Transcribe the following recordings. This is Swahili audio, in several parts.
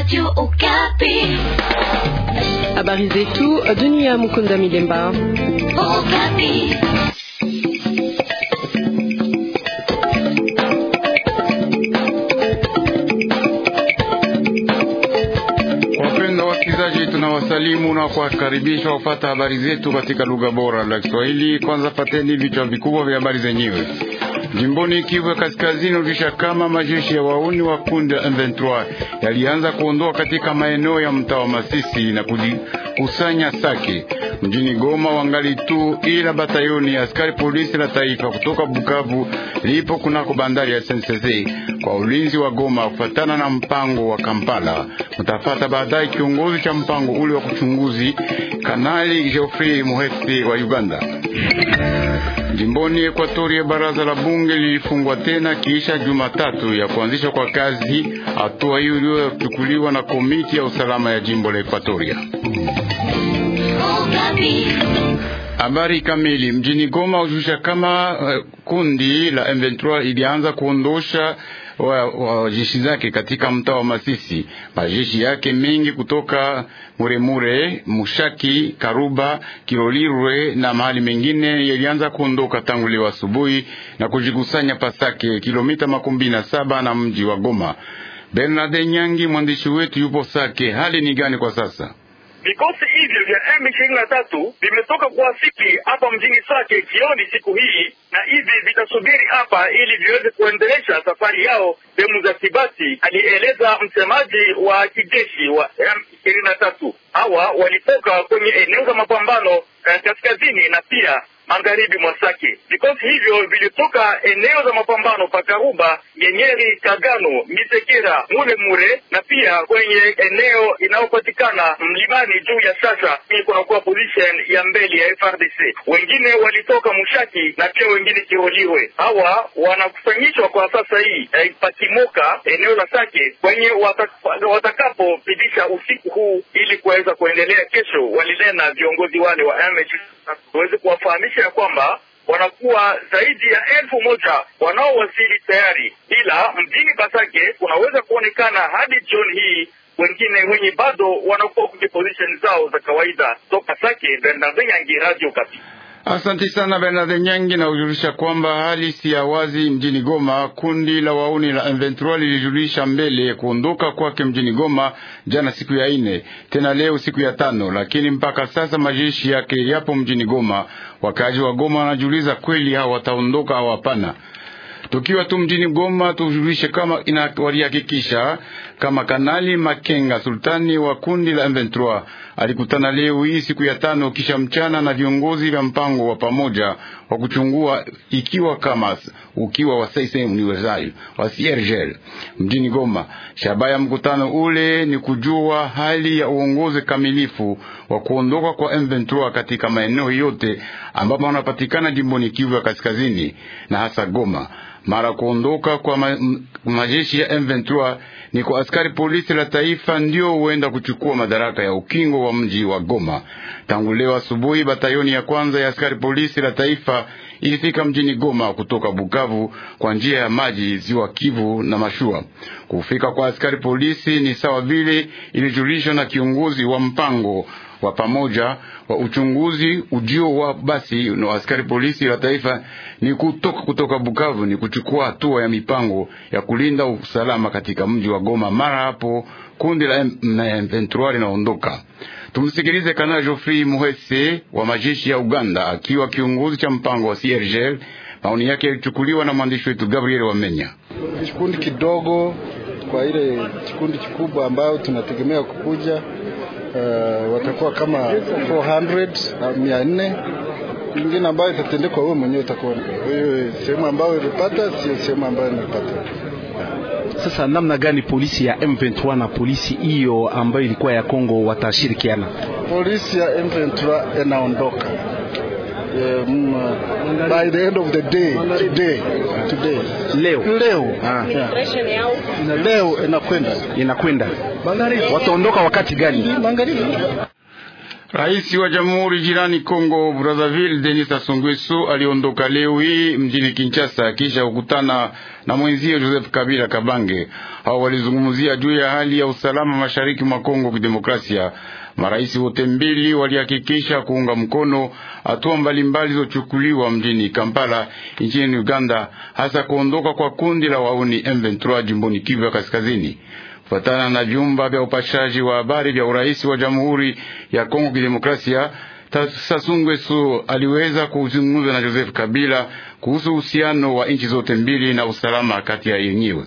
Radio Okapi. Habari zetu dunia, Mukunda Milemba. Okapi. tunawasalimu na kuwakaribisha ufata habari zetu katika lugha bora la Kiswahili. Kwanza pateni vichwa vikubwa vya habari zenyewe. Jimboni Kivu ya Kaskazini ulisha kama majeshi ya wauni wa kundi la M23 yalianza kuondoa katika maeneo ya mtaa wa Masisi na kujikusanya Sake mjini Goma wangali tu, ila batayoni askari polisi la taifa kutoka Bukavu lipo kunako bandari ya SNCC kwa ulinzi wa Goma kufatana na mpango wa Kampala. mutafata baadaye kiongozi cha mpango ule wa kuchunguzi Kanali Geoffrey Muhefi wa Uganda. Jimboni Ekwatoria, baraza la bunge lilifungwa tena kisha Jumatatu ya kuanzishwa kwa kazi, hatua hiyo iliyochukuliwa na komiti ya usalama ya jimbo la Ekwatoria. Habari kamili mjini Goma ujusha kama uh, kundi la M23 ilianza kuondosha wa, wa jeshi zake katika mtaa wa Masisi, majeshi yake mengi kutoka Muremure, Mushaki, Karuba, kirolirwe na mahali mengine yalianza kuondoka tangu leo asubuhi na kujikusanya Pasake, kilomita makumi na saba na mji wa Goma. Bernard Nyangi, mwandishi wetu, yupo Sake. Hali ni gani kwa sasa? Vikosi hivyo vya M23 vimetoka kuwasiki hapa mjini Sake jioni siku hii, na hivi vitasubiri hapa ili viweze kuendelesha safari yao sehemu za Kibati, alieleza msemaji wa kijeshi wa M23. Hawa walitoka kwenye eneo za mapambano eh, kaskazini na pia magharibi mwa Sake. Vikosi hivyo vilitoka eneo za mapambano pa Karuba, Nyenyeri, Kagano, Misekera, Mule Mure na pia kwenye eneo inayopatikana mlimani juu ya sasa kunakuwa position ya mbele ya FRDC. Wengine walitoka Mushaki na pia wengine Kiroliwe. Hawa wanakusanyishwa kwa sasa hii eh, pakimoka eneo la Sake kwenye watakapopitisha usiku huu ili kuweza kuendelea kesho, walinena viongozi wale wa waweze kuwafahamisha kuhakikisha ya kwamba wanakuwa zaidi ya elfu moja wanaowasili tayari, ila mjini Basake kunaweza kuonekana hadi jioni hii wengine wenye bado wanakuwa kwenye position zao za kawaida. Toka Sake, Bernardin Yangi, Radio Kapi. Asante sana Bernard Nyangi na ujulisha kwamba hali si ya wazi mjini Goma. Kundi la wauni la M23 lilijulisha mbele kuondoka kwake mjini Goma jana siku ya ine, tena leo siku ya tano, lakini mpaka sasa majeshi yake yapo mjini Goma. wakaji wa Goma wanajiuliza kweli hao wataondoka au hapana. Tukiwa tu mjini Goma, tujulishe kama inawalihakikisha kama Kanali Makenga, sultani wa kundi la M23, alikutana leo hii siku ya tano kisha mchana na viongozi vya mpango wa pamoja wa kuchungua ikiwa kama ukiwa wa Saise Universal wa Siergel mjini Goma. Shabaha ya mkutano ule ni kujua hali ya uongozi kamilifu wa kuondoka kwa M23 katika maeneo yote ambapo wanapatikana jimboni Kivu ya kaskazini na hasa Goma. Mara kuondoka kwa ma, majeshi ya M23 ni kwa askari polisi la taifa ndio huenda kuchukua madaraka ya ukingo wa mji wa Goma. Tangu leo asubuhi, batayoni ya kwanza ya askari polisi la taifa ilifika mjini Goma kutoka Bukavu kwa njia ya maji, ziwa Kivu na mashua. Kufika kwa askari polisi ni sawa vile ilijulishwa na kiongozi wa mpango wa pamoja wa uchunguzi. Ujio wa basi na askari polisi wa taifa ni kutoka kutoka Bukavu ni kuchukua hatua ya mipango ya kulinda usalama katika mji wa Goma mara hapo kundi la M23 linaondoka. Tumsikilize Kanali Geoffrey Muhese wa majeshi ya Uganda akiwa kiongozi cha mpango wa CIRGL. Maoni yake yalichukuliwa na mwandishi wetu Gabriel Wamenya. Kikundi kidogo kwa ile kikundi kikubwa ambayo tunategemea kukuja Eh, watakuwa kama 400 mia nne ingine ambayo itatendekwa wewe mwenyewe utakuwa wewe, sehemu ambayo ulipata sio sehemu ambayo nilipata. Sasa namna gani polisi ya M23 na polisi hiyo ambayo ilikuwa ya Kongo watashirikiana? Polisi ya M23 inaondoka um, by the end of the day today, today. Leo leo ah. Yeah. Leo inakwenda inakwenda magharibi. Wataondoka wakati gani? Magharibi. Rais wa Jamhuri jirani Kongo Brazzaville Denis Sassou Nguesso aliondoka leo hii mjini Kinshasa kisha kukutana na mwenzio Joseph Kabila Kabange. Hao walizungumzia juu ya hali ya usalama mashariki mwa Kongo Kidemokrasia Marais wote mbili walihakikisha kuunga mkono hatua mbalimbali zochukuliwa mjini Kampala nchini Uganda, hasa kuondoka kwa kundi la wauni M23 jimboni Kivu ya Kaskazini. Kufuatana na vyumba vya upashaji wa habari vya urais wa Jamhuri ya Kongo Kidemokrasia, Sassou aliweza kuzungumza na Joseph Kabila kuhusu uhusiano wa nchi zote mbili na usalama kati ya yenyewe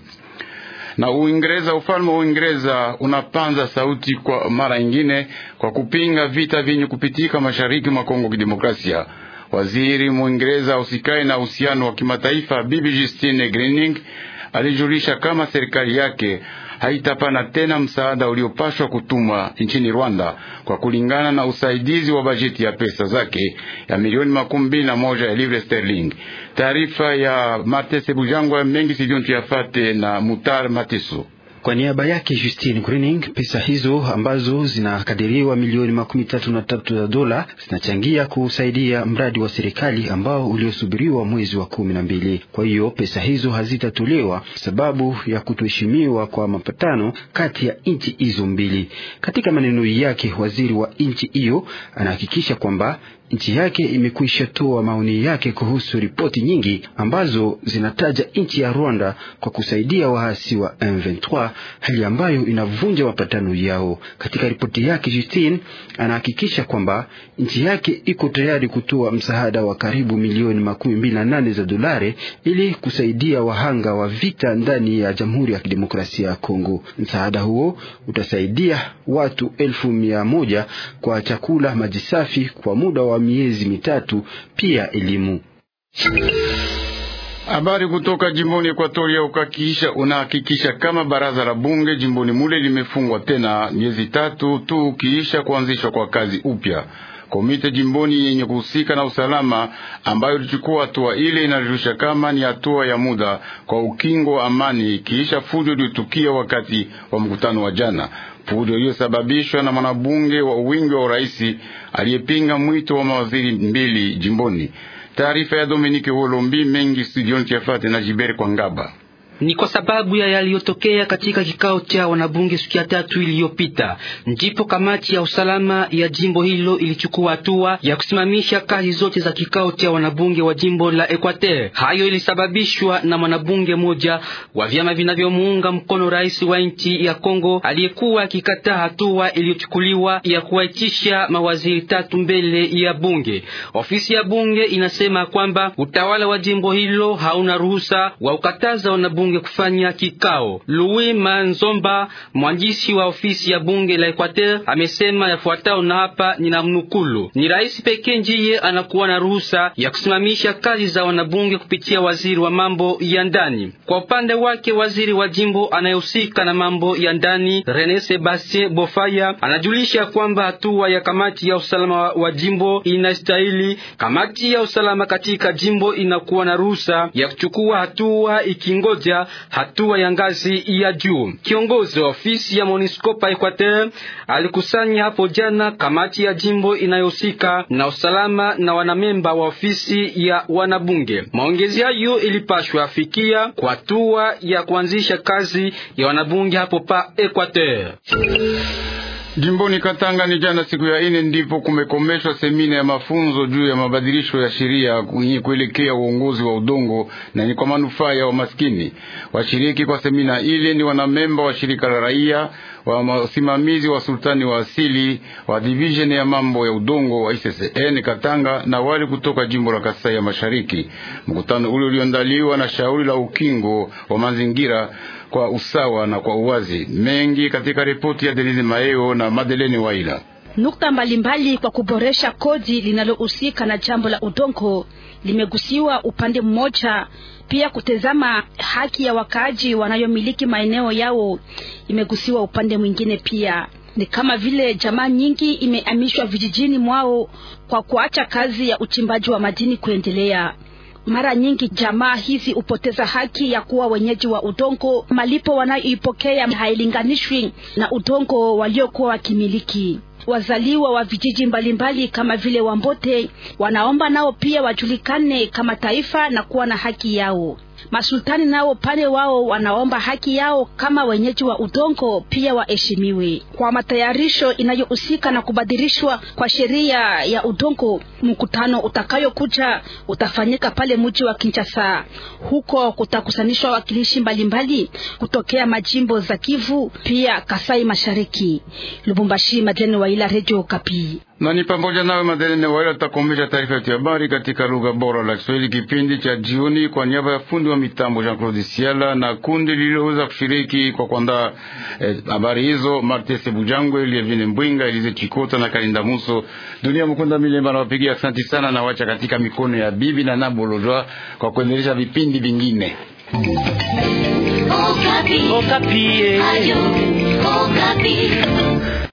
na Uingereza. Ufalme wa Uingereza unapanza sauti kwa mara nyingine kwa kupinga vita vyenye kupitika mashariki mwa Kongo Kidemokrasia. Waziri Mwingereza usikae na uhusiano wa kimataifa Bibi Justine Greening alijulisha kama serikali yake haitapana tena msaada uliopashwa kutumwa nchini Rwanda kwa kulingana na usaidizi wa bajeti ya pesa zake ya milioni makumi mbili na moja ya livre sterling. Taarifa ya Martese Bujangwa mengi sivyo tuyafate na Mutar Matisu. Kwa niaba yake Justine Greening, pesa hizo ambazo zinakadiriwa milioni makumi tatu na tatu za dola zinachangia kusaidia mradi wa serikali ambao uliosubiriwa mwezi wa kumi na mbili. Kwa hiyo pesa hizo hazitatolewa sababu ya kutoheshimiwa kwa mapatano kati ya nchi hizo mbili. Katika maneno yake, waziri wa nchi hiyo anahakikisha kwamba nchi yake imekwisha toa maoni yake kuhusu ripoti nyingi ambazo zinataja nchi ya Rwanda kwa kusaidia waasi wa M23, hali ambayo inavunja mapatano yao. Katika ripoti yake, Justine anahakikisha kwamba nchi yake iko tayari kutoa msaada wa karibu milioni makumi mbili na nane za dolari ili kusaidia wahanga wa vita ndani ya Jamhuri ya Kidemokrasia ya Kongo. Msaada huo utasaidia watu elfu mia moja kwa chakula, maji safi kwa muda wa miezi mitatu, pia elimu. Habari kutoka jimboni Ekwatoria ukakiisha unahakikisha kama baraza la bunge jimboni mule limefungwa tena miezi tatu tu kiisha kuanzishwa kwa kazi upya. Komite jimboni yenye kuhusika na usalama ambayo ilichukua hatua ile inarusha kama ni hatua ya muda kwa ukingo wa amani, kiisha fujo iliyotukia wakati wa mkutano wa jana fujo iliyosababishwa na mwanabunge wa wingi wa uraisi aliyepinga mwito wa mawaziri mbili jimboni. Taarifa ya Dominike Holombi mengi studioni Chafate na Jiberi kwa Ngaba. Ni kwa sababu ya yaliyotokea katika kikao cha wanabunge siku ya tatu iliyopita, ndipo kamati ya usalama ya jimbo hilo ilichukua hatua ya kusimamisha kazi zote za kikao cha wanabunge wa jimbo la Equateur. Hayo ilisababishwa na mwanabunge mmoja wa vyama vinavyomuunga mkono rais wa nchi ya Kongo aliyekuwa akikataa hatua iliyochukuliwa ya kuwaitisha mawaziri tatu mbele ya bunge. Ofisi ya bunge inasema kwamba utawala wa jimbo hilo hauna ruhusa wa ukataza wanabunge bunge kufanya kikao. Louis Manzomba, mwandishi wa ofisi ya bunge la Equateur, amesema yafuatao, na hapa ninamnukulu: ni rais pekee ndiye anakuwa na ruhusa ya kusimamisha kazi za wanabunge kupitia waziri wa mambo ya ndani. Kwa upande wake, waziri wa jimbo anayehusika na mambo ya ndani Rene Sebastien Bofaya anajulisha kwamba hatua ya kamati ya usalama wa jimbo inastahili. Kamati ya usalama katika jimbo inakuwa na ruhusa ya kuchukua hatua ikingoja kufikia hatua ya ngazi ya juu. Kiongozi wa ofisi ya MONUSCO pa Equateur alikusanya hapo jana kamati ya jimbo inayohusika na usalama na wanamemba wa ofisi ya wanabunge. Maongezi hayo ilipashwa afikia kwa hatua ya kuanzisha kazi ya wanabunge hapo pa Equateur. Jimboni Katanga ni jana siku ya ine ndipo kumekomeshwa semina ya mafunzo juu ya mabadilisho ya sheria yenye kuelekea uongozi wa udongo na ni kwa manufaa ya wamaskini. Washiriki kwa semina ile ni wanamemba wa shirika la raia, wasimamizi wa sultani wa asili wa divisheni ya mambo ya udongo wa ICCN Katanga na wali kutoka jimbo la Kasai ya Mashariki. Mkutano ule uliondaliwa na shauri la ukingo wa mazingira kwa usawa na kwa uwazi. Mengi katika ripoti ya Denise Maeo na Madeleine Waila. Nukta mbalimbali kwa kuboresha kodi linalohusika na jambo la udongo limegusiwa upande mmoja. Pia kutazama haki ya wakaaji wanayomiliki maeneo yao imegusiwa upande mwingine pia ni kama vile jamaa nyingi imehamishwa vijijini mwao kwa kuacha kazi ya uchimbaji wa madini kuendelea. Mara nyingi jamaa hizi hupoteza haki ya kuwa wenyeji wa udongo. Malipo wanayoipokea hailinganishwi na udongo waliokuwa wakimiliki wazaliwa wa vijiji mbalimbali kama vile Wambote wanaomba nao pia wajulikane kama taifa na kuwa na haki yao. Masultani nao pale wao wanaomba haki yao kama wenyeji wa udongo pia waheshimiwe. Kwa matayarisho inayohusika na kubadilishwa kwa sheria ya udongo, mkutano utakayokuja utafanyika pale mji wa Kinshasa. Huko kutakusanishwa wakilishi mbalimbali kutokea majimbo za Kivu pia Kasai Mashariki. Lubumbashi, Madleni Waila, Radio Kapi na ni pamoja nawe Madelene Wale tutakombesha taarifa yetu ya habari katika lugha bora la Kiswahili kipindi cha jioni, kwa niaba ya fundi wa mitambo Jean Claude Siala na kundi lililoweza kushiriki kwa kuandaa eh, habari eh, hizo Martese Bujangwe, Lievine Mbwinga, Elize Chikota na Kalinda Muso. Dunia Mkunda Milemba nawapigia asanti sana na wacha katika mikono ya bibi na Nabolojwa kwa kuendelesha vipindi vingine Okapi. Okapi. Eh. Ayo. Okapi.